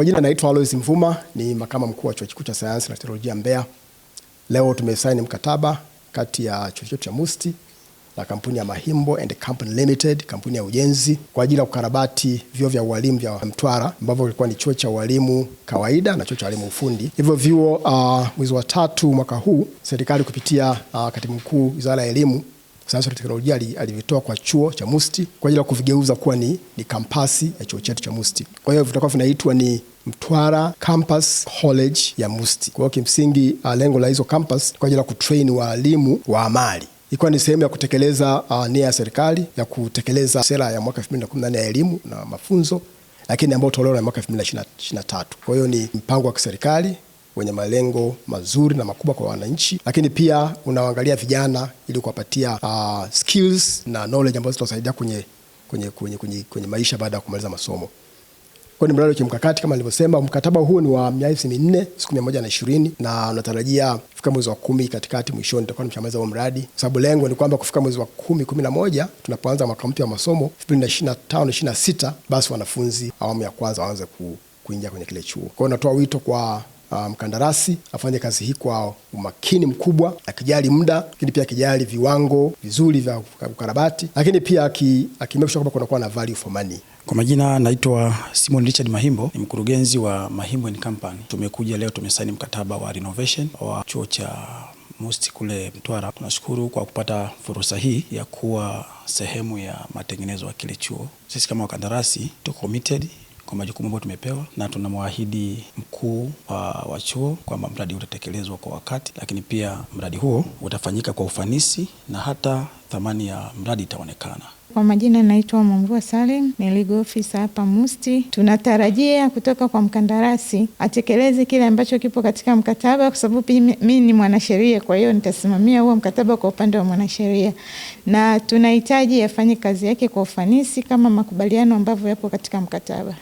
Kwa jina naitwa Alois Mvuma, ni makama mkuu wa Chuo Kikuu cha Sayansi na Teknolojia Mbeya. Leo tumesaini mkataba kati ya chuo chetu cha musti na kampuni ya Mahimbo and Company Limited, kampuni ya ujenzi kwa ajili ya kukarabati vyuo vya ualimu vya Mtwara ambavyo vilikuwa ni chuo cha ualimu kawaida na chuo cha ualimu ufundi. Hivyo vyuo uh, mwezi wa tatu mwaka huu serikali kupitia uh, katibu mkuu Wizara ya Elimu sayansi na teknolojia alivitoa kwa chuo cha musti kwa ajili ya kuvigeuza kuwa ni, ni kampasi ya chuo chetu cha musti Kwa hiyo vitakuwa vinaitwa ni Mtwara Campus College ya musti Kwa hiyo kimsingi, uh, lengo la hizo campus kwa ajili ya kutrain waalimu wa amali ikiwa ni sehemu ya kutekeleza uh, nia ya serikali ya kutekeleza sera ya mwaka 2014 ya elimu na mafunzo, lakini ambayo tolewa na mwaka 2023. Kwa hiyo ni mpango wa kiserikali wenye malengo mazuri na makubwa kwa wananchi, lakini pia unaangalia vijana ili kuwapatia uh, skills na knowledge ambazo zitawasaidia kwenye, kwenye, kwenye, kwenye, kwenye maisha baada ya kumaliza masomo. Kwa ni mradi wa kimkakati kama nilivyosema, mkataba huu ni wa miezi minne, siku mia moja na ishirini na unatarajia kufika mwezi wa kumi katikati, mwishoni nitakuwa nimeshamaliza huo mradi, kwa sababu lengo ni kwamba kufika mwezi wa kumi kumi na moja tunapoanza mwaka mpya wa masomo elfu mbili na ishirini na tano ishirini na sita basi wanafunzi awamu ya kwanza waanze ku, kuingia kwenye kile chuo. Kwa hiyo natoa wito kwa Uh, mkandarasi um, afanye kazi hii kwa umakini mkubwa, akijali muda, lakini pia akijali viwango vizuri vya ukarabati, lakini pia akimekisha kwamba kunakuwa na value for money. Kwa majina naitwa Simon Richard Mahimbo, ni mkurugenzi wa Mahimbo and Company. Tumekuja leo tumesaini mkataba wa renovation wa chuo cha MUST kule Mtwara. Tunashukuru kwa kupata fursa hii ya kuwa sehemu ya matengenezo ya kile chuo. Sisi kama wakandarasi tuko committed kwa majukumu ambayo tumepewa, na tunamwahidi mkuu wa, wa chuo kwamba mradi utatekelezwa kwa wakati, lakini pia mradi huo utafanyika kwa ufanisi na hata thamani ya mradi itaonekana. Kwa majina naitwa Mwamvua Salim, ni legal officer hapa Musti. Tunatarajia kutoka kwa mkandarasi atekeleze kile ambacho kipo katika mkataba, kwa sababu mimi ni mwanasheria, kwa hiyo nitasimamia huo mkataba kwa upande wa mwanasheria, na tunahitaji afanye kazi yake kwa ufanisi kama makubaliano ambavyo yapo katika mkataba.